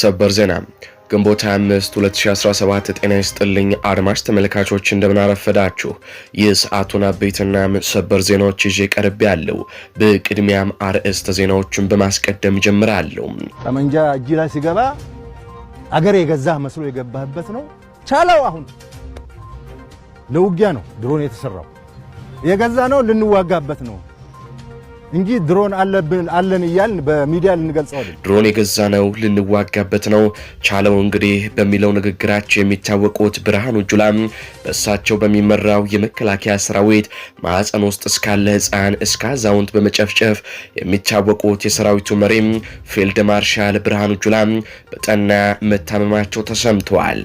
ሰበር ዜና ግንቦት 25 2017። ጤና ይስጥልኝ አድማጭ ተመልካቾች እንደምናረፈዳችሁ። የሰዓቱን አበይትና ሰበር ዜናዎች ይዤ ቀርቤ ያለው። በቅድሚያም አርዕስተ ዜናዎችን በማስቀደም ጀምራለሁ። ጠመንጃ እጅ ላይ ሲገባ አገር የገዛ መስሎ የገባህበት ነው። ቻለው አሁን ለውጊያ ነው ድሮን የተሰራው የገዛ ነው ልንዋጋበት ነው እንጂ ድሮን አለብን አለን እያልን በሚዲያ ልንገልጸው ድሮን የገዛ ነው ልንዋጋበት ነው ቻለው እንግዲህ በሚለው ንግግራቸው የሚታወቁት ብርሃኑ ጁላም በእሳቸው በሚመራው የመከላከያ ሰራዊት ማዕፀን ውስጥ እስካለ ህፃን እስከ አዛውንት በመጨፍጨፍ የሚታወቁት የሰራዊቱ መሪም ፊልድ ማርሻል ብርሃኑ ጁላም በጠና መታመማቸው ተሰምተዋል።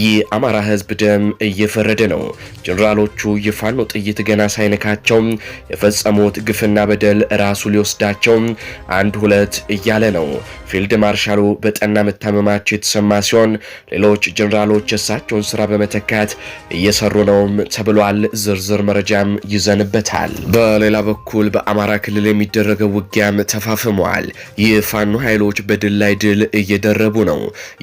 ይህ አማራ ህዝብ ደም እየፈረደ ነው። ጀኔራሎቹ የፋኖ ጥይት ገና ሳይነካቸው የፈጸሙት ግፍና በደል ራሱ ሊወስዳቸው አንድ ሁለት እያለ ነው። ፊልድ ማርሻሉ በጠና መታመማቸው የተሰማ ሲሆን ሌሎች ጀኔራሎች የእሳቸውን ስራ በመተካት እየሰሩ ነውም ተብሏል። ዝርዝር መረጃም ይዘንበታል። በሌላ በኩል በአማራ ክልል የሚደረገው ውጊያም ተፋፍሟል። የፋኖ ኃይሎች በድል ላይ ድል እየደረቡ ነው።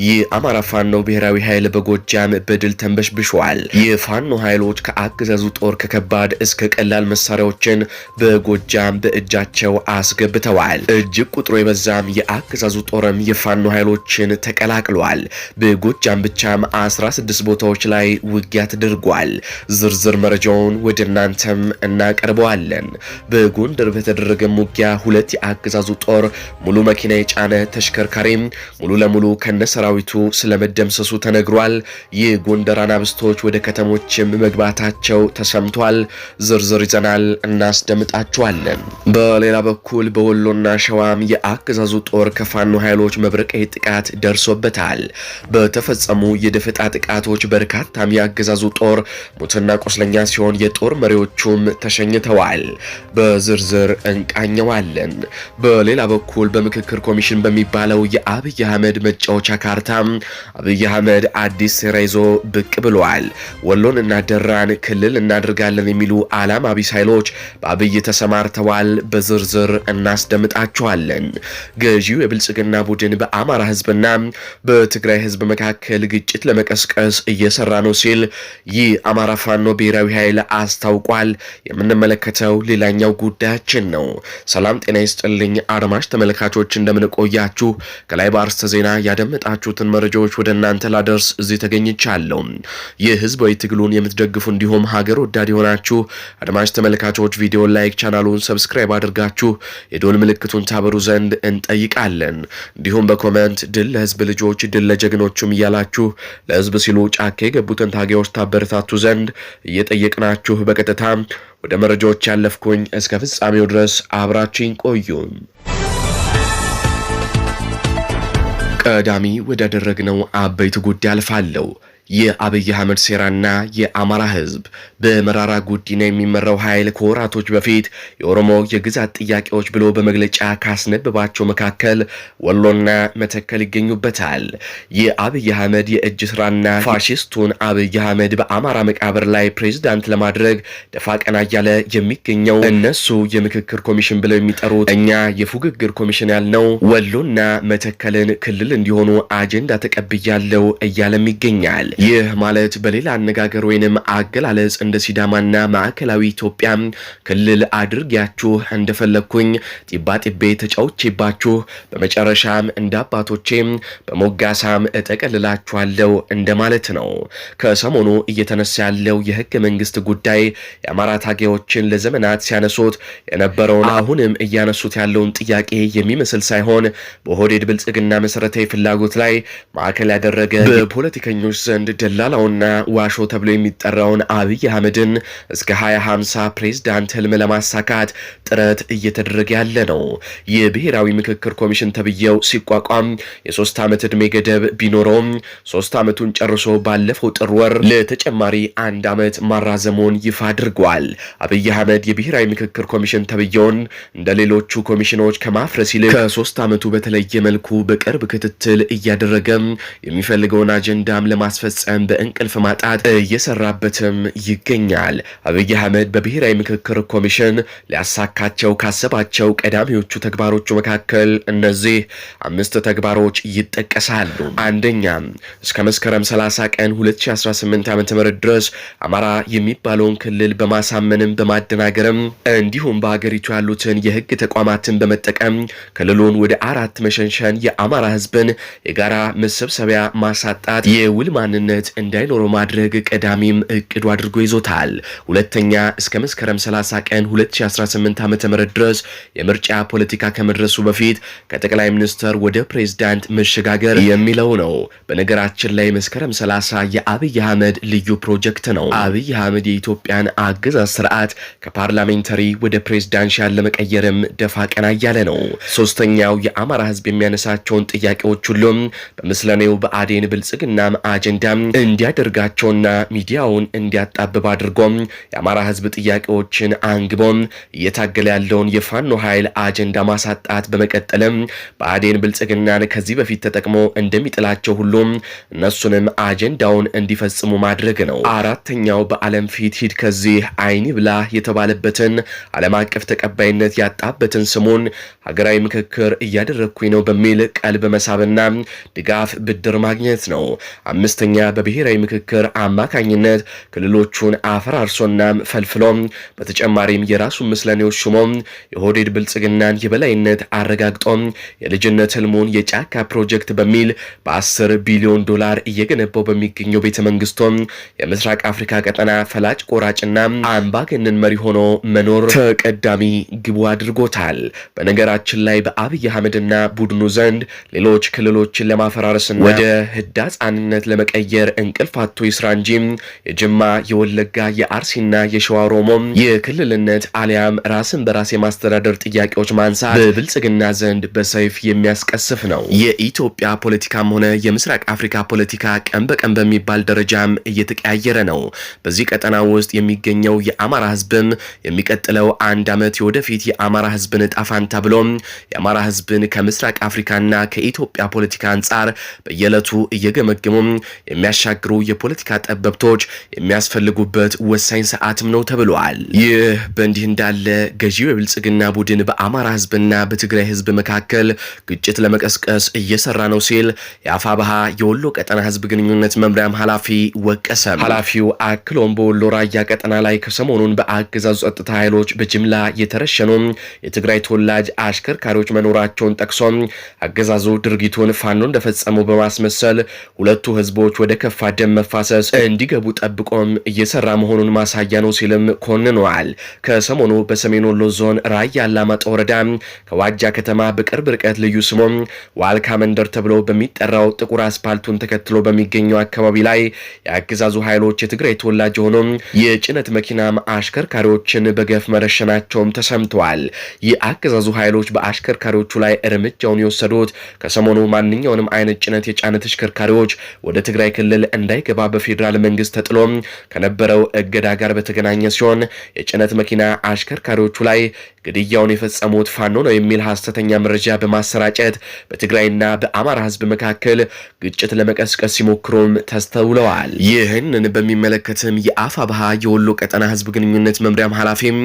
የአማራ ፋኖ ብሔራዊ ኃይል በጎጃም በድል ተንበሽብሸዋል። የፋኖ ኃይሎች ከአገዛዙ ጦር ከከባድ እስከ ቀላል መሳሪያዎችን በጎጃም በእጃቸው አስገብተዋል። እጅግ ቁጥሩ የበዛም የአገዛዙ ጦርም የፋኖ ኃይሎችን ተቀላቅሏል። በጎጃም ብቻም 16 ቦታዎች ላይ ውጊያ አድርጓል። ዝርዝር መረጃውን ወደ እናንተም እናቀርበዋለን። በጎንደር በተደረገ ውጊያ ሁለት የአገዛዙ ጦር ሙሉ መኪና የጫነ ተሽከርካሪም ሙሉ ለሙሉ ከነሰራዊቱ ስለመደምሰሱ ተነግሯል። የጎንደር አናብስቶች ወደ ከተሞችም መግባታቸው ተሰምቷል። ዝርዝር ይዘናል፣ እናስደምጣችኋለን። በሌላ በኩል በወሎና ሸዋም የአገዛዙ ጦር ከፋኖ ኃይሎች መብረቃዊ ጥቃት ደርሶበታል። በተፈጸሙ የደፈጣ ጥቃቶች በርካታም የአገዛዙ ጦር ሙትና ቁስለኛ ሲሆን የጦር መሪዎቹም ተሸኝተዋል። በዝርዝር እንቃኘዋለን። በሌላ በኩል በምክክር ኮሚሽን በሚባለው የአብይ አህመድ መጫወቻ ካርታ አብይ አህመድ አዲስ ሴራ ይዞ ብቅ ብለዋል። ወሎን እና ደራን ክልል እናደርጋለን የሚሉ አላማ ቢስ ኃይሎች በአብይ ተሰማርተዋል። በዝርዝር እናስደምጣቸዋለን። ገዢው የብልጽግና ቡድን በአማራ ህዝብና በትግራይ ህዝብ መካከል ግጭት ለመቀስቀስ እየሰራ ነው ሲል ይህ አማራ ፋኖ ብሔራዊ ኃይል አስታውቋል። የምንመለከተው ሌላኛው ጉዳያችን ነው። ሰላም ጤና ይስጥልኝ አድማጭ ተመልካቾች፣ እንደምንቆያችሁ ከላይ በአርስተ ዜና ያደመጣችሁትን መረጃዎች ወደ እናንተ ላደርስ እዚህ ተገኝቻለሁ። ይህ ህዝባዊ ትግሉን የምትደግፉ እንዲሁም ሀገር ወዳድ የሆናችሁ አድማጭ ተመልካቾች ቪዲዮ ላይክ፣ ቻናሉን ሰብስክራይብ አድርጋችሁ የዶል ምልክቱን ታበሩ ዘንድ እንጠይቃለን። እንዲሁም በኮመንት ድል ለህዝብ ልጆች፣ ድል ለጀግኖቹም እያላችሁ ለህዝብ ሲሉ ጫካ የገቡትን ታጋዮች ታበ ታበረታቱ ዘንድ እየጠየቅናችሁ በቀጥታ ወደ መረጃዎች ያለፍኩኝ፣ እስከ ፍጻሜው ድረስ አብራችኝ ቆዩ። ቀዳሚ ወዳደረግነው አበይት ጉዳይ አልፋለሁ። የአብይ አህመድ ሴራና የአማራ ህዝብ በመራራ ጉዲና የሚመራው ኃይል ከወራቶች በፊት የኦሮሞ የግዛት ጥያቄዎች ብሎ በመግለጫ ካስነብባቸው መካከል ወሎና መተከል ይገኙበታል። የአብይ አህመድ የእጅ ስራና ፋሽስቱን አብይ አህመድ በአማራ መቃብር ላይ ፕሬዝዳንት ለማድረግ ደፋ ቀና እያለ የሚገኘው እነሱ የምክክር ኮሚሽን ብለው የሚጠሩት እኛ የፉግግር ኮሚሽን ያልነው ወሎና መተከልን ክልል እንዲሆኑ አጀንዳ ተቀብያለው እያለም ይገኛል። ይህ ማለት በሌላ አነጋገር ወይንም አገላለጽ እንደ ሲዳማና ማዕከላዊ ኢትዮጵያ ክልል አድርጊያችሁ እንደፈለግኩኝ ጢባጢቤ ተጫውቼባችሁ በመጨረሻም እንደ አባቶቼም በሞጋሳም እጠቀልላችኋለሁ እንደማለት ነው። ከሰሞኑ እየተነሳ ያለው የህገ መንግስት ጉዳይ የአማራ ታጋዮችን ለዘመናት ሲያነሱት የነበረውን አሁንም እያነሱት ያለውን ጥያቄ የሚመስል ሳይሆን በሆዴድ ብልጽግና መሰረታዊ ፍላጎት ላይ ማዕከል ያደረገ በፖለቲከኞች ዘንድ አንድ ደላላውና ዋሾ ተብሎ የሚጠራውን አብይ አህመድን እስከ 2050 ፕሬዝዳንት ህልም ለማሳካት ጥረት እየተደረገ ያለ ነው። የብሔራዊ ምክክር ኮሚሽን ተብዬው ሲቋቋም የሶስት ዓመት ዕድሜ ገደብ ቢኖረውም ሶስት ዓመቱን ጨርሶ ባለፈው ጥር ወር ለተጨማሪ አንድ ዓመት ማራዘሙን ይፋ አድርጓል። አብይ አህመድ የብሔራዊ ምክክር ኮሚሽን ተብዬውን እንደ ሌሎቹ ኮሚሽኖች ከማፍረስ ይልቅ ከሶስት ዓመቱ በተለየ መልኩ በቅርብ ክትትል እያደረገም የሚፈልገውን አጀንዳም ለማስፈ ለማስፈጸም በእንቅልፍ ማጣት እየሰራበትም ይገኛል። አብይ አህመድ በብሔራዊ ምክክር ኮሚሽን ሊያሳካቸው ካሰባቸው ቀዳሚዎቹ ተግባሮቹ መካከል እነዚህ አምስት ተግባሮች ይጠቀሳሉ። አንደኛ እስከ መስከረም 30 ቀን 2018 ዓ.ም ድረስ አማራ የሚባለውን ክልል በማሳመንም በማደናገርም እንዲሁም በሀገሪቱ ያሉትን የህግ ተቋማትን በመጠቀም ክልሉን ወደ አራት መሸንሸን የአማራ ህዝብን የጋራ መሰብሰቢያ ማሳጣት የውል ማንነት ልዩነት እንዳይኖረው ማድረግ ቀዳሚም እቅዱ አድርጎ ይዞታል። ሁለተኛ እስከ መስከረም 30 ቀን 2018 ዓ ም ድረስ የምርጫ ፖለቲካ ከመድረሱ በፊት ከጠቅላይ ሚኒስትር ወደ ፕሬዝዳንት መሸጋገር የሚለው ነው። በነገራችን ላይ መስከረም 30 የአብይ አህመድ ልዩ ፕሮጀክት ነው። አብይ አህመድ የኢትዮጵያን አገዛዝ ስርዓት ከፓርላሜንተሪ ወደ ፕሬዝዳንሻል ለመቀየርም ደፋ ቀና እያለ ነው። ሶስተኛው የአማራ ህዝብ የሚያነሳቸውን ጥያቄዎች ሁሉም በምስለኔው በአዴን ብልጽግናም አጀንዳ እንዲያዳም እንዲያደርጋቸውና ሚዲያውን እንዲያጣብብ አድርጎም የአማራ ህዝብ ጥያቄዎችን አንግቦም እየታገለ ያለውን የፋኖ ኃይል አጀንዳ ማሳጣት በመቀጠልም በአዴን ብልጽግናን ከዚህ በፊት ተጠቅሞ እንደሚጥላቸው ሁሉም እነሱንም አጀንዳውን እንዲፈጽሙ ማድረግ ነው። አራተኛው በዓለም ፊት ሂድ ከዚህ አይኒ ብላ የተባለበትን ዓለም አቀፍ ተቀባይነት ያጣበትን ስሙን ሀገራዊ ምክክር እያደረግኩኝ ነው በሚል ቀልብ መሳብና ድጋፍ ብድር ማግኘት ነው። አምስተኛ በብሔራዊ ምክክር አማካኝነት ክልሎቹን አፈራርሶና ፈልፍሎም በተጨማሪም የራሱን ምስለኔዎች ሹሞም የሆዴድ ብልጽግናን የበላይነት አረጋግጦም የልጅነት ህልሙን የጫካ ፕሮጀክት በሚል በ10 ቢሊዮን ዶላር እየገነባው በሚገኘው ቤተ መንግስቶም የምስራቅ አፍሪካ ቀጠና ፈላጭ ቆራጭና አምባገነን መሪ ሆኖ መኖር ተቀዳሚ ግቡ አድርጎታል። በነገራችን ላይ በአብይ አህመድና ቡድኑ ዘንድ ሌሎች ክልሎችን ለማፈራረስና ወደ ህዳጻንነት ለመቀየ መቀየር እንቅልፍ አቶ ይስራ እንጂ የጅማ የወለጋ የአርሲና የሸዋ ሮሞ የክልልነት አሊያም ራስን በራስ የማስተዳደር ጥያቄዎች ማንሳት በብልጽግና ዘንድ በሰይፍ የሚያስቀስፍ ነው። የኢትዮጵያ ፖለቲካም ሆነ የምስራቅ አፍሪካ ፖለቲካ ቀን በቀን በሚባል ደረጃም እየተቀያየረ ነው። በዚህ ቀጠና ውስጥ የሚገኘው የአማራ ህዝብም የሚቀጥለው አንድ ዓመት የወደፊት የአማራ ህዝብን እጣ ፋንታ ብሎም የአማራ ህዝብን ከምስራቅ አፍሪካና ከኢትዮጵያ ፖለቲካ አንጻር በየዕለቱ እየገመገሙ የሚያሻግሩ የፖለቲካ ጠበብቶች የሚያስፈልጉበት ወሳኝ ሰዓትም ነው ተብሏል። ይህ በእንዲህ እንዳለ ገዢው የብልጽግና ቡድን በአማራ ህዝብና በትግራይ ህዝብ መካከል ግጭት ለመቀስቀስ እየሰራ ነው ሲል ባሃ የወሎ ቀጠና ህዝብ ግንኙነት መምሪያም ኃላፊ ወቀሰም። ኃላፊው አክሎም በወሎ ራያ ቀጠና ላይ ከሰሞኑን በአገዛዙ ጸጥታ ኃይሎች በጅምላ የተረሸኑ የትግራይ ተወላጅ አሽከርካሪዎች መኖራቸውን ጠቅሶም አገዛዙ ድርጊቱን ፋኖ እንደፈጸመው በማስመሰል ሁለቱ ህዝቦች ወደ ከፋ ደም መፋሰስ እንዲገቡ ጠብቆም እየሰራ መሆኑን ማሳያ ነው ሲልም ኮንነዋል። ከሰሞኑ በሰሜን ወሎ ዞን ራያ አላማጣ ወረዳ ከዋጃ ከተማ በቅርብ ርቀት ልዩ ስሙም ዋልካ መንደር ተብሎ በሚጠራው ጥቁር አስፓልቱን ተከትሎ በሚገኘው አካባቢ ላይ የአገዛዙ ኃይሎች የትግራይ ተወላጅ የሆኑ የጭነት መኪና አሽከርካሪዎችን በገፍ መረሸናቸውም ተሰምተዋል። የአገዛዙ ኃይሎች በአሽከርካሪዎቹ ላይ እርምጃውን የወሰዱት ከሰሞኑ ማንኛውንም አይነት ጭነት የጫነ ተሽከርካሪዎች ወደ ትግራይ ክልል እንዳይገባ በፌዴራል መንግስት ተጥሎ ከነበረው እገዳ ጋር በተገናኘ ሲሆን የጭነት መኪና አሽከርካሪዎቹ ላይ ግድያውን የፈጸሙት ፋኖ ነው የሚል ሀሰተኛ መረጃ በማሰራጨት በትግራይና በአማራ ህዝብ መካከል ግጭት ለመቀስቀስ ሲሞክሩም ተስተውለዋል። ይህንን በሚመለከትም የአፋ ባሃ የወሎ ቀጠና ህዝብ ግንኙነት መምሪያም ኃላፊም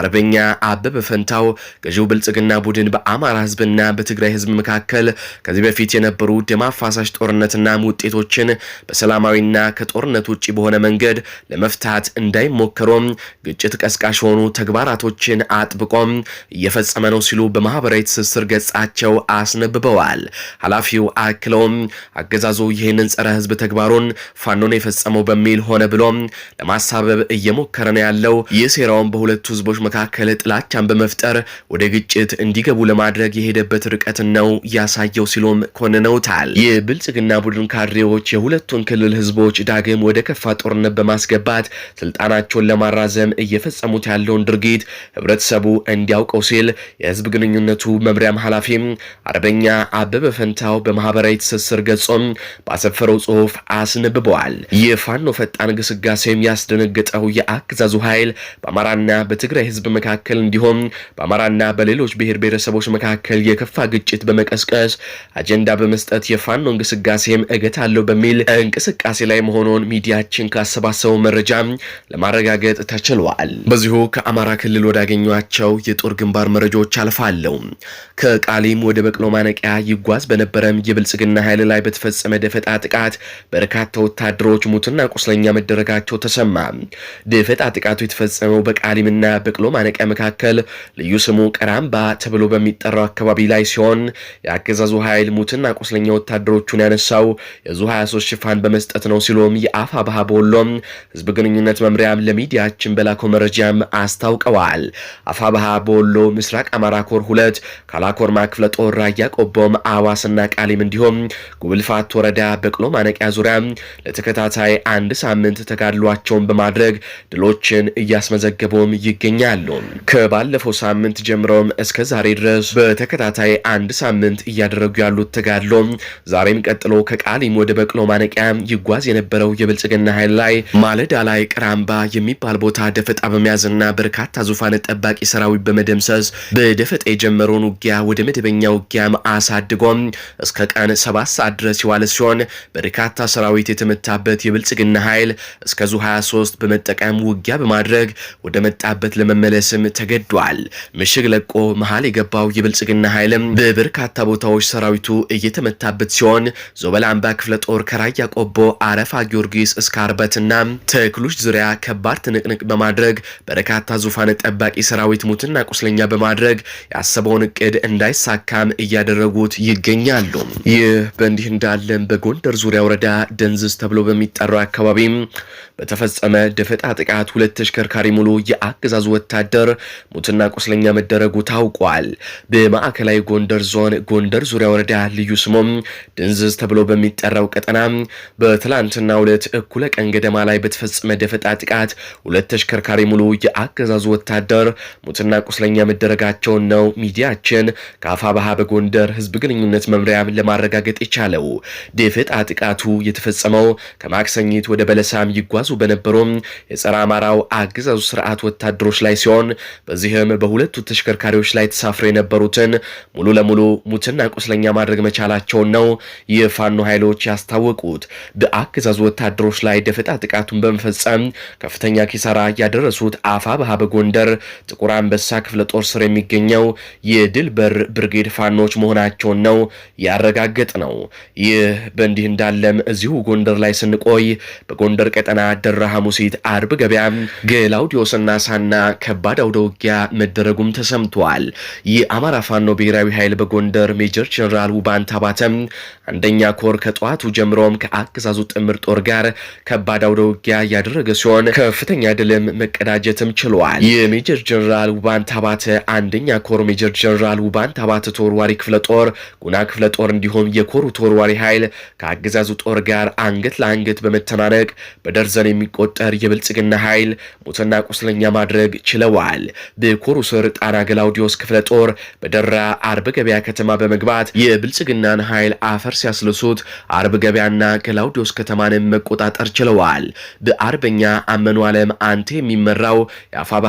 አርበኛ አበበ ፈንታው ገዢው ብልጽግና ቡድን በአማራ ህዝብና በትግራይ ህዝብ መካከል ከዚህ በፊት የነበሩ ደም አፋሳሽ ጦርነትና ውጤቶችን በሰላማዊና ከጦርነት ውጭ በሆነ መንገድ ለመፍታት እንዳይሞከሩም ግጭት ቀስቃሽ የሆኑ ተግባራቶችን አጥብቆም ተቃውሞም እየፈጸመ ነው ሲሉ በማህበራዊ ትስስር ገጻቸው አስነብበዋል። ኃላፊው አክለውም አገዛዙ ይህንን ጸረ ህዝብ ተግባሩን ፋኖን የፈጸመው በሚል ሆነ ብሎም ለማሳበብ እየሞከረ ነው ያለው። ይህ ሴራውን በሁለቱ ህዝቦች መካከል ጥላቻን በመፍጠር ወደ ግጭት እንዲገቡ ለማድረግ የሄደበት ርቀትን ነው ያሳየው ሲሉም ኮንነውታል። ይህ ብልጽግና ቡድን ካድሬዎች የሁለቱን ክልል ህዝቦች ዳግም ወደ ከፋ ጦርነት በማስገባት ስልጣናቸውን ለማራዘም እየፈጸሙት ያለውን ድርጊት ህብረተሰቡ እንዲያውቀው ሲል የህዝብ ግንኙነቱ መምሪያም ኃላፊ አርበኛ አበበ ፈንታው በማህበራዊ ትስስር ገጾም ባሰፈረው ጽሁፍ አስነብበዋል። የፋኖ ፈጣን ግስጋሴም ያስደነገጠው የአገዛዙ ኃይል በአማራና በትግራይ ህዝብ መካከል እንዲሁም በአማራና በሌሎች ብሔር ብሔረሰቦች መካከል የከፋ ግጭት በመቀስቀስ አጀንዳ በመስጠት የፋኖ እገት እገታለሁ በሚል እንቅስቃሴ ላይ መሆኑን ሚዲያችን ካሰባሰበው መረጃ ለማረጋገጥ ተችሏል። በዚሁ ከአማራ ክልል ወዳገኟቸው የጦር ግንባር መረጃዎች አልፋለሁ። ከቃሊም ወደ በቅሎ ማነቂያ ይጓዝ በነበረም የብልጽግና ኃይል ላይ በተፈጸመ ደፈጣ ጥቃት በርካታ ወታደሮች ሙትና ቁስለኛ መደረጋቸው ተሰማ። ደፈጣ ጥቃቱ የተፈጸመው በቃሊምና በቅሎ ማነቂያ መካከል ልዩ ስሙ ቀራምባ ተብሎ በሚጠራው አካባቢ ላይ ሲሆን የአገዛዙ ኃይል ሙትና ቁስለኛ ወታደሮቹን ያነሳው የዙ 23 ሽፋን በመስጠት ነው ሲሎም የአፋ ባህ በወሎም ህዝብ ግንኙነት መምሪያም ለሚዲያችን በላከው መረጃም አስታውቀዋል። አፋ ባህ በወሎ ምስራቅ አማራ ኮር ሁለት ካላኮርማ ክፍለ ጦር ራያ ቆቦም አዋስና ቃሊም እንዲሁም ጉብልፋት ወረዳ በቅሎ ማነቂያ ዙሪያ ለተከታታይ አንድ ሳምንት ተጋድሏቸውን በማድረግ ድሎችን እያስመዘገቡም ይገኛሉ። ከባለፈው ሳምንት ጀምረውም እስከ ዛሬ ድረስ በተከታታይ አንድ ሳምንት እያደረጉ ያሉት ተጋድሎ ዛሬም ቀጥሎ ከቃሊም ወደ በቅሎ ማነቂያ ይጓዝ የነበረው የብልጽግና ኃይል ላይ ማለዳ ላይ ቅራምባ የሚባል ቦታ ደፈጣ በመያዝና በርካታ ዙፋን ጠባቂ ሰራዊ ሰራዊት በመደምሰስ በደፈጣ የጀመረውን ውጊያ ወደ መደበኛ ውጊያም አሳድጎም እስከ ቀን ሰባት ሰዓት ድረስ የዋለ ሲሆን በርካታ ሰራዊት የተመታበት የብልጽግና ኃይል እስከ ዙ 23 በመጠቀም ውጊያ በማድረግ ወደ መጣበት ለመመለስም ተገዷል። ምሽግ ለቆ መሀል የገባው የብልጽግና ኃይልም በበርካታ ቦታዎች ሰራዊቱ እየተመታበት ሲሆን ዞበል አምባ ክፍለ ጦር ከራያ ቆቦ አረፋ ጊዮርጊስ እስከ አርበትና ተክሎች ዙሪያ ከባድ ትንቅንቅ በማድረግ በርካታ ዙፋን ጠባቂ ሰራዊት ሙትን ሙትና ቁስለኛ በማድረግ ያሰበውን እቅድ እንዳይሳካም እያደረጉት ይገኛሉ። ይህ በእንዲህ እንዳለም በጎንደር ዙሪያ ወረዳ ደንዝስ ተብሎ በሚጠራው አካባቢም በተፈጸመ ደፈጣ ጥቃት ሁለት ተሽከርካሪ ሙሉ የአገዛዙ ወታደር ሙትና ቁስለኛ መደረጉ ታውቋል። በማዕከላዊ ጎንደር ዞን ጎንደር ዙሪያ ወረዳ ልዩ ስሞም ድንዝዝ ተብሎ በሚጠራው ቀጠና በትላንትና ሁለት እኩለ ቀን ገደማ ላይ በተፈጸመ ደፈጣ ጥቃት ሁለት ተሽከርካሪ ሙሉ የአገዛዙ ወታደር ሙትና ቁስለኛ መደረጋቸውን ነው ሚዲያችን ከአፋ ባሃ በጎንደር ህዝብ ግንኙነት መምሪያም ለማረጋገጥ የቻለው። ደፈጣ ጥቃቱ የተፈጸመው ከማክሰኝት ወደ በለሳም ይጓዙ በነበሩም የጸረ አማራው አገዛዙ ስርዓት ወታደሮች ላይ ሲሆን በዚህም በሁለቱ ተሽከርካሪዎች ላይ ተሳፍረው የነበሩትን ሙሉ ለሙሉ ሙትና ቁስለኛ ማድረግ መቻላቸውን ነው የፋኖ ኃይሎች ያስታወቁት። በአገዛዙ ወታደሮች ላይ ደፈጣ ጥቃቱን በመፈጸም ከፍተኛ ኪሳራ ያደረሱት አፋ ባሃ በጎንደር ጥቁር አንበሳ በአንበሳ ክፍለ ጦር ስር የሚገኘው የድል በር ብርጌድ ፋኖች መሆናቸውን ነው ያረጋገጥ ነው። ይህ በእንዲህ እንዳለም እዚሁ ጎንደር ላይ ስንቆይ በጎንደር ቀጠና ደራ ሐሙሲት አርብ ገበያ ገላውዲዮስና ሳና ከባድ አውደ ውጊያ መደረጉም ተሰምተዋል። የአማራ ፋኖ ብሔራዊ ኃይል በጎንደር ሜጀር ጀነራል ውባንት አባተም አንደኛ ኮር ከጠዋቱ ጀምሮም ከአገዛዙ ጥምር ጦር ጋር ከባድ አውደ ውጊያ እያደረገ ሲሆን ከፍተኛ ድልም መቀዳጀትም ችሏል። የሜጀር ጀነራል ውባንት ውባንት አባተ አንደኛ ኮር ሜጀር ጀነራል ውባንት አባተ ተወርዋሪ ክፍለ ጦር ጉና ክፍለ ጦር እንዲሁም የኮሩ ተወርዋሪ ኃይል ከአገዛዙ ጦር ጋር አንገት ለአንገት በመተናነቅ በደርዘን የሚቆጠር የብልጽግና ኃይል ሙትና ቁስለኛ ማድረግ ችለዋል። በኮሩ ስር ጣና ገላውዲዮስ ክፍለ ጦር በደራ አርብ ገበያ ከተማ በመግባት የብልጽግናን ኃይል አፈር ሲያስልሱት አርብ ገበያና ገላውዲዮስ ከተማንም መቆጣጠር ችለዋል። በአርበኛ አመኑ ዓለም አንተ የሚመራው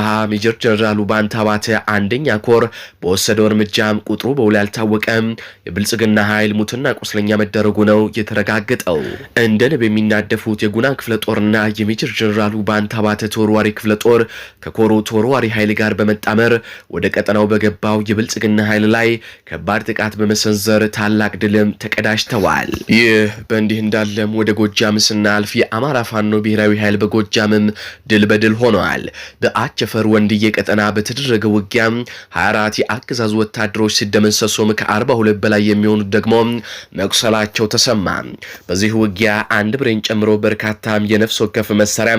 ባሃ ሜጀር ጀነራል ውባንት አባተ አንደኛ ኮር በወሰደው እርምጃም ቁጥሩ በውል ያልታወቀም የብልጽግና ኃይል ሙትና ቁስለኛ መደረጉ ነው የተረጋገጠው። እንደ ንብ የሚናደፉት የጉና ክፍለ ጦርና የሜጀር ጀኔራሉ ባንታ አባተ ተወርዋሪ ክፍለ ጦር ከኮሩ ተወርዋሪ ኃይል ጋር በመጣመር ወደ ቀጠናው በገባው የብልጽግና ኃይል ላይ ከባድ ጥቃት በመሰንዘር ታላቅ ድልም ተቀዳጅተዋል። ይህ በእንዲህ እንዳለም ወደ ጎጃም ስናልፍ የአማራ ፋኖ ብሔራዊ ኃይል በጎጃምም ድል በድል ሆነዋል። በአቸፈር ወንድዬ ቀጠና በትድ በተደረገ ውጊያ 24 የአገዛዙ ወታደሮች ሲደመሰሱም ከ42 በላይ የሚሆኑት ደግሞ መቁሰላቸው ተሰማ። በዚህ ውጊያ አንድ ብሬን ጨምሮ በርካታ የነፍስ ወከፍ መሳሪያ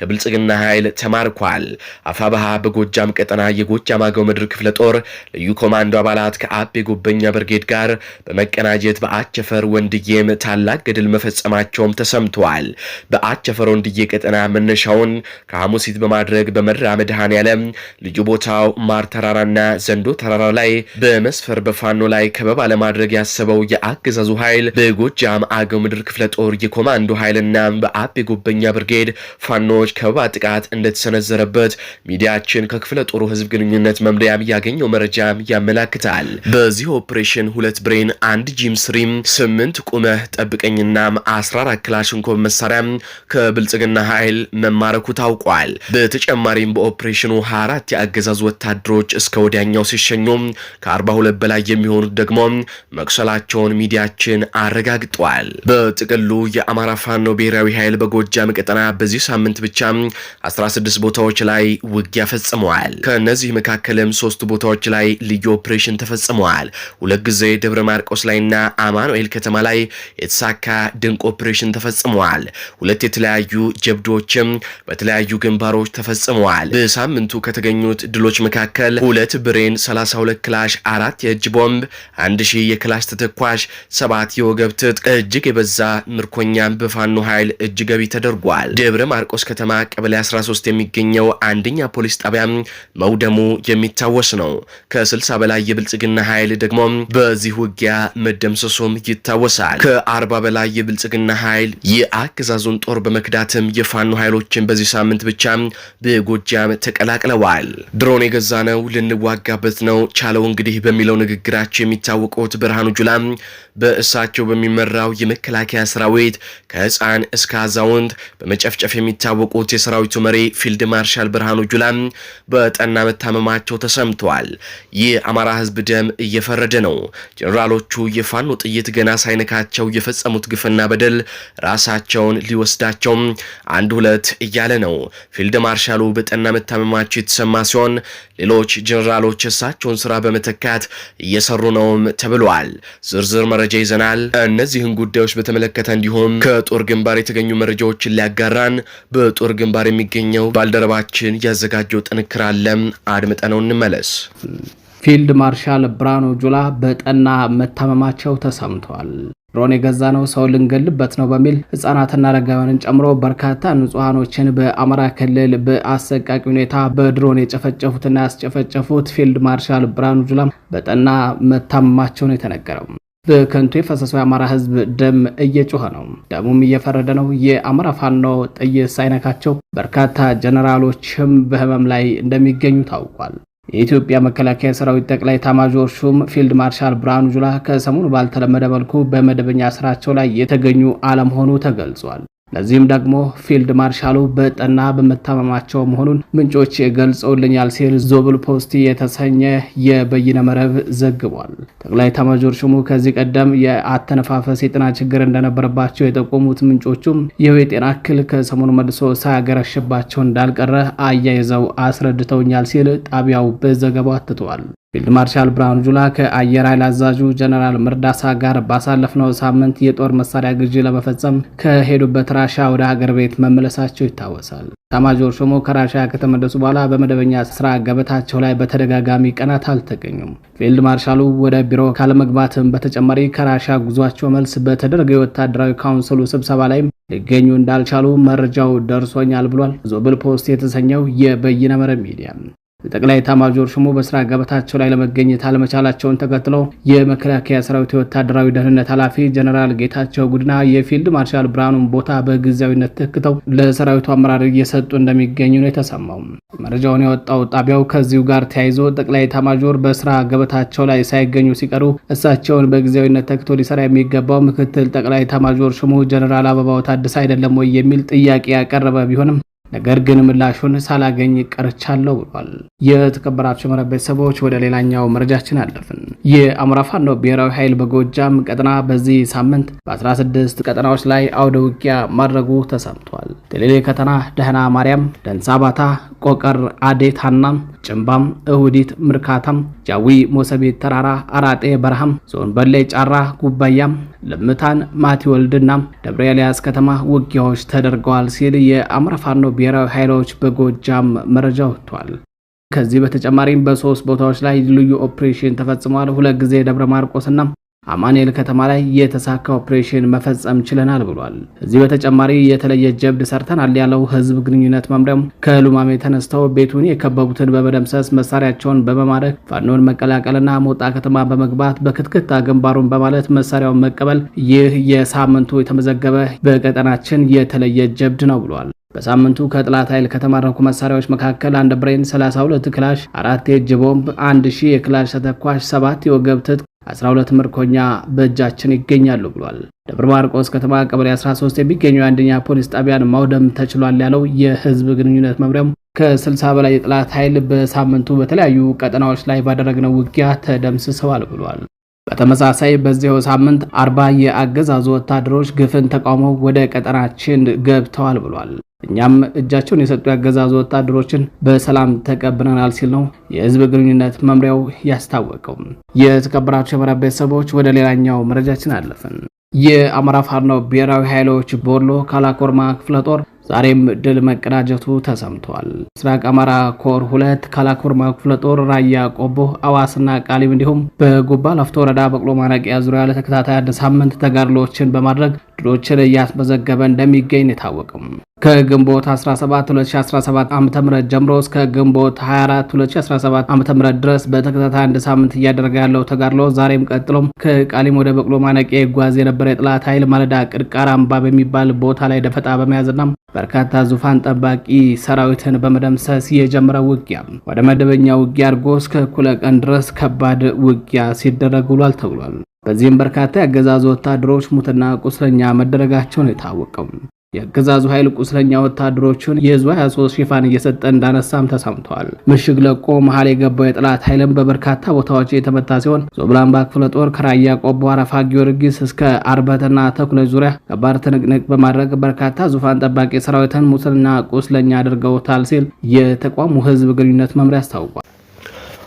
ከብልጽግና ኃይል ተማርኳል። አፋባሃ በጎጃም ቀጠና የጎጃም አገው ምድር ክፍለ ጦር ልዩ ኮማንዶ አባላት ከአቤ የጎበኛ ብርጌድ ጋር በመቀናጀት በአቸፈር ወንድዬም ታላቅ ገድል መፈጸማቸውም ተሰምተዋል። በአቸፈር ወንድዬ ቀጠና መነሻውን ከሐሙሲት በማድረግ በመራ መድኃኔ ያለ ልዩ ቦታ ቦታው ማር ተራራና ዘንዶ ተራራ ላይ በመስፈር በፋኖ ላይ ከበባ ለማድረግ ያሰበው የአገዛዙ ኃይል በጎጃም አገው ምድር ክፍለ ጦር የኮማንዶ ኃይልና በአቤ ጎበኛ ብርጌድ ፋኖዎች ከበባ ጥቃት እንደተሰነዘረበት ሚዲያችን ከክፍለ ጦሩ ህዝብ ግንኙነት መምሪያም ያገኘው መረጃም ያመላክታል። በዚህ ኦፕሬሽን ሁለት ብሬን፣ አንድ ጂም ስሪም፣ ስምንት ቁመህ ጠብቀኝና 14 ክላሽንኮቭ መሳሪያም ከብልጽግና ኃይል መማረኩ ታውቋል። በተጨማሪም በኦፕሬሽኑ አራት የአገዛ የአገዛዙ ወታደሮች እስከ ወዲያኛው ሲሸኙ ከ ሁለት በላይ የሚሆኑት ደግሞ መቁሰላቸውን ሚዲያችን አረጋግጧል። በጥቅሉ የአማራ ፋኖ ብሔራዊ ኃይል በጎጃም ቀጠና በዚህ ሳምንት ብቻ 16 ቦታዎች ላይ ውጊያ ፈጽመዋል። ከእነዚህ መካከልም ሶስቱ ቦታዎች ላይ ልዩ ኦፕሬሽን ተፈጽመዋል። ሁለት ጊዜ ደብረ ማርቆስ ላይና አማኑኤል ከተማ ላይ የተሳካ ድንቅ ኦፕሬሽን ተፈጽመዋል። ሁለት የተለያዩ ጀብዶችም በተለያዩ ግንባሮች ተፈጽመዋል። በሳምንቱ ከተገኙት ድሎች መካከል ሁለት ብሬን፣ 32 ክላሽ፣ አራት የእጅ ቦምብ፣ አንድ ሺህ የክላሽ ተተኳሽ፣ ሰባት የወገብ ትጥቅ፣ እጅግ የበዛ ምርኮኛም በፋኖ ኃይል እጅ ገቢ ተደርጓል። ደብረ ማርቆስ ከተማ ቀበሌ 13 የሚገኘው አንደኛ ፖሊስ ጣቢያም መውደሙ የሚታወስ ነው። ከ60 በላይ የብልጽግና ኃይል ደግሞ በዚህ ውጊያ መደምሰሱም ይታወሳል። ከ40 በላይ የብልጽግና ኃይል የአገዛዙን ጦር በመክዳትም የፋኖ ኃይሎችን በዚህ ሳምንት ብቻ በጎጃም ተቀላቅለዋል። ድሮን ነው ልንዋጋበት ነው ቻለው እንግዲህ በሚለው ንግግራቸው የሚታወቁት ብርሃኑ ጁላ በእሳቸው በሚመራው የመከላከያ ሰራዊት ከህፃን እስከ አዛውንት በመጨፍጨፍ የሚታወቁት የሰራዊቱ መሪ ፊልድ ማርሻል ብርሃኑ ጁላ በጠና መታመማቸው ተሰምተዋል። ይህ አማራ ህዝብ ደም እየፈረደ ነው። ጀኔራሎቹ የፋኖ ጥይት ገና ሳይነካቸው የፈጸሙት ግፍና በደል ራሳቸውን ሊወስዳቸው አንድ ሁለት እያለ ነው። ፊልድ ማርሻሉ በጠና መታመማቸው የተሰማ ሲሆን ሌሎች ጀኔራሎች እሳቸውን ስራ በመተካት እየሰሩ ነውም ተብሏል። ዝርዝር መረጃ ይዘናል። እነዚህን ጉዳዮች በተመለከተ እንዲሁም ከጦር ግንባር የተገኙ መረጃዎችን ሊያጋራን በጦር ግንባር የሚገኘው ባልደረባችን ያዘጋጀው ጥንክር አለም አድምጠነው እንመለስ። ፊልድ ማርሻል ብርሃኑ ጁላ በጠና መታመማቸው ተሰምቷል። ድሮን የገዛ ነው ሰው ልንገልበት ነው በሚል ህጻናትና አረጋውያንን ጨምሮ በርካታ ንጹሐኖችን በአማራ ክልል በአሰቃቂ ሁኔታ በድሮን የጨፈጨፉትና ያስጨፈጨፉት ፊልድ ማርሻል ብርሃኑ ጁላም በጠና መታመማቸው ነው የተነገረው። በከንቱ የፈሰሰው የአማራ ህዝብ ደም እየጮኸ ነው። ደሙም እየፈረደ ነው። የአማራ ፋኖ ጥይት ሳይነካቸው በርካታ ጀነራሎችም በህመም ላይ እንደሚገኙ ታውቋል። የኢትዮጵያ መከላከያ ሰራዊት ጠቅላይ ታማዦር ሹም ፊልድ ማርሻል ብርሃኑ ጁላ ከሰሞኑ ባልተለመደ መልኩ በመደበኛ ስራቸው ላይ የተገኙ አለመሆኑ ተገልጿል። ለዚህም ደግሞ ፊልድ ማርሻሉ በጠና በመታመማቸው መሆኑን ምንጮች ገልጸውልኛል ሲል ዞብል ፖስቲ የተሰኘ የበይነ መረብ ዘግቧል። ጠቅላይ ኤታማዦር ሹሙ ከዚህ ቀደም የአተነፋፈስ የጤና ችግር እንደነበረባቸው የጠቆሙት ምንጮቹም ይኸው የጤና እክል ከሰሞኑ መልሶ ሳያገረሽባቸው እንዳልቀረ አያይዘው አስረድተውኛል ሲል ጣቢያው በዘገባው አትቷል። ፊልድ ማርሻል ብርሃኑ ጁላ ከአየር ኃይል አዛዡ ጀነራል መርዳሳ ጋር ባሳለፍነው ሳምንት የጦር መሳሪያ ግዢ ለመፈጸም ከሄዱበት ራሻ ወደ ሀገር ቤት መመለሳቸው ይታወሳል። ታማጆር ሾሞ ከራሻ ከተመለሱ በኋላ በመደበኛ ስራ ገበታቸው ላይ በተደጋጋሚ ቀናት አልተገኙም። ፊልድ ማርሻሉ ወደ ቢሮ ካለመግባትም በተጨማሪ ከራሻ ጉዟቸው መልስ በተደረገ የወታደራዊ ካውንስሉ ስብሰባ ላይም ሊገኙ እንዳልቻሉ መረጃው ደርሶኛል ብሏል ዞብል ፖስት የተሰኘው የበይነ መረብ ሚዲያ። ጠቅላይ ኤታማዦር ሹሙ በስራ ገበታቸው ላይ ለመገኘት አለመቻላቸውን ተከትሎ የመከላከያ ሰራዊት የወታደራዊ ደህንነት ኃላፊ ጀነራል ጌታቸው ጉድና የፊልድ ማርሻል ብርሃኑን ቦታ በጊዜያዊነት ተክተው ለሰራዊቱ አመራር እየሰጡ እንደሚገኙ ነው የተሰማው። መረጃውን የወጣው ጣቢያው ከዚሁ ጋር ተያይዞ ጠቅላይ ኤታማዦር በስራ ገበታቸው ላይ ሳይገኙ ሲቀሩ እሳቸውን በጊዜያዊነት ተክቶ ሊሰራ የሚገባው ምክትል ጠቅላይ ኤታማዦር ሹሙ ጀነራል አበባው ታደሰ አይደለም ወይ የሚል ጥያቄ ያቀረበ ቢሆንም ነገር ግን ምላሹን ሳላገኝ ቀርቻለሁ ብሏል። የተከበራቸው የመረብ ቤተሰቦች ወደ ሌላኛው መረጃችን አለፍን። የአማራ ፋኖ ብሔራዊ ኃይል በጎጃም ቀጠና በዚህ ሳምንት በ16 ቀጠናዎች ላይ አውደ ውጊያ ማድረጉ ተሰምቷል። ቴሌሌ ከተና፣ ደህና ማርያም፣ ደንሳባታ፣ ቆቀር፣ አዴታና ጭንባም፣ እሁዲት፣ ምርካታም፣ ጃዊ፣ ሞሰቤት ተራራ፣ አራጤ በረሃም፣ ዞን በሌ ጫራ፣ ጉባያም፣ ልምታን፣ ማቲወልድና ደብረ ኤልያስ ከተማ ውጊያዎች ተደርገዋል ሲል የአማራ ፋኖ ብሔራዊ ኃይሎች በጎጃም መረጃ ወጥቷል። ከዚህ በተጨማሪም በሶስት ቦታዎች ላይ ልዩ ኦፕሬሽን ተፈጽሟል። ሁለት ጊዜ ደብረ ማርቆስና አማኑኤል ከተማ ላይ የተሳካ ኦፕሬሽን መፈጸም ችለናል ብሏል። እዚህ በተጨማሪ የተለየ ጀብድ ሰርተናል ያለው ህዝብ ግንኙነት መምሪያም ከሉማሜ ተነስተው ቤቱን የከበቡትን በመደምሰስ መሳሪያቸውን በመማረክ ፋኖን መቀላቀልና ሞጣ ከተማ በመግባት በክትክታ ግንባሩን በማለት መሳሪያውን መቀበል ይህ የሳምንቱ የተመዘገበ በቀጠናችን የተለየ ጀብድ ነው ብሏል። በሳምንቱ ከጥላት ኃይል ከተማረኩ መሳሪያዎች መካከል አንድ ብሬን፣ 32 ክላሽ፣ አራት የእጅ ቦምብ፣ 1000 የክላሽ ተተኳሽ፣ ሰባት የወገብ ትጥቅ 12 ምርኮኛ በእጃችን ይገኛሉ ብሏል። ደብረ ማርቆስ ከተማ ቀበሌ 13 የሚገኘው የአንደኛ ፖሊስ ጣቢያን ማውደም ተችሏል ያለው የህዝብ ግንኙነት መምሪያም ከ60 በላይ የጥላት ኃይል በሳምንቱ በተለያዩ ቀጠናዎች ላይ ባደረግነው ውጊያ ተደምስሰዋል ብሏል። በተመሳሳይ በዚያው ሳምንት አርባ የአገዛዙ ወታደሮች ግፍን ተቃውመው ወደ ቀጠናችን ገብተዋል ብሏል። እኛም እጃቸውን የሰጡ ያገዛዙ ወታደሮችን በሰላም ተቀብለናል ሲል ነው የህዝብ ግንኙነት መምሪያው ያስታወቀው። የተከበራቸው የአማራ ቤተሰቦች ወደ ሌላኛው መረጃችን አለፍን። የአማራ ፋኖ ብሔራዊ ኃይሎች ቦሎ ካላኮርማ ክፍለ ጦር ዛሬም ድል መቀዳጀቱ ተሰምቷል። ምስራቅ አማራ ኮር ሁለት ካላኮርማ ክፍለ ጦር ራያ ቆቦ፣ አዋስና ቃሊም እንዲሁም በጉባ ላፍቶ ወረዳ በቅሎ ማነቂያ ዙሪያ ለተከታታይ አንድ ሳምንት ተጋድሎችን በማድረግ ድሎችን እያስመዘገበ እንደሚገኝ የታወቅም ከግንቦት 17 2017 ዓ.ም ጀምሮ እስከ ግንቦት 24 2017 ዓ.ም ድረስ በተከታታይ አንድ ሳምንት እያደረገ ያለው ተጋድሎ ዛሬም ቀጥሎም ከቃሊም ወደ በቅሎ ማነቄ ይጓዝ የነበረ የጥላት ኃይል ማለዳ ቅርቃር አምባ በሚባል ቦታ ላይ ደፈጣ በመያዝና በርካታ ዙፋን ጠባቂ ሰራዊትን በመደምሰስ የጀመረ ውጊያ ወደ መደበኛ ውጊያ አድርጎ እስከ እኩለ ቀን ድረስ ከባድ ውጊያ ሲደረግ ውሏል ተብሏል። በዚህም በርካታ የአገዛዙ ወታደሮች ሙትና ቁስለኛ መደረጋቸውን የታወቀው የአገዛዙ ኃይል ቁስለኛ ወታደሮቹን የህዝቡ 23 ሽፋን እየሰጠ እንዳነሳም ተሰምቷል። ምሽግ ለቆ መሀል የገባው የጠላት ኃይልም በበርካታ ቦታዎች የተመታ ሲሆን ዞብላምባ ክፍለ ጦር ከራያ ቆቦ አረፋ ጊዮርጊስ እስከ አርበትና ተኩለች ዙሪያ ከባድ ትንቅንቅ በማድረግ በርካታ ዙፋን ጠባቂ ሰራዊትን ሙስልና ቁስለኛ አድርገውታል ሲል የተቋሙ ህዝብ ግንኙነት መምሪያ አስታውቋል።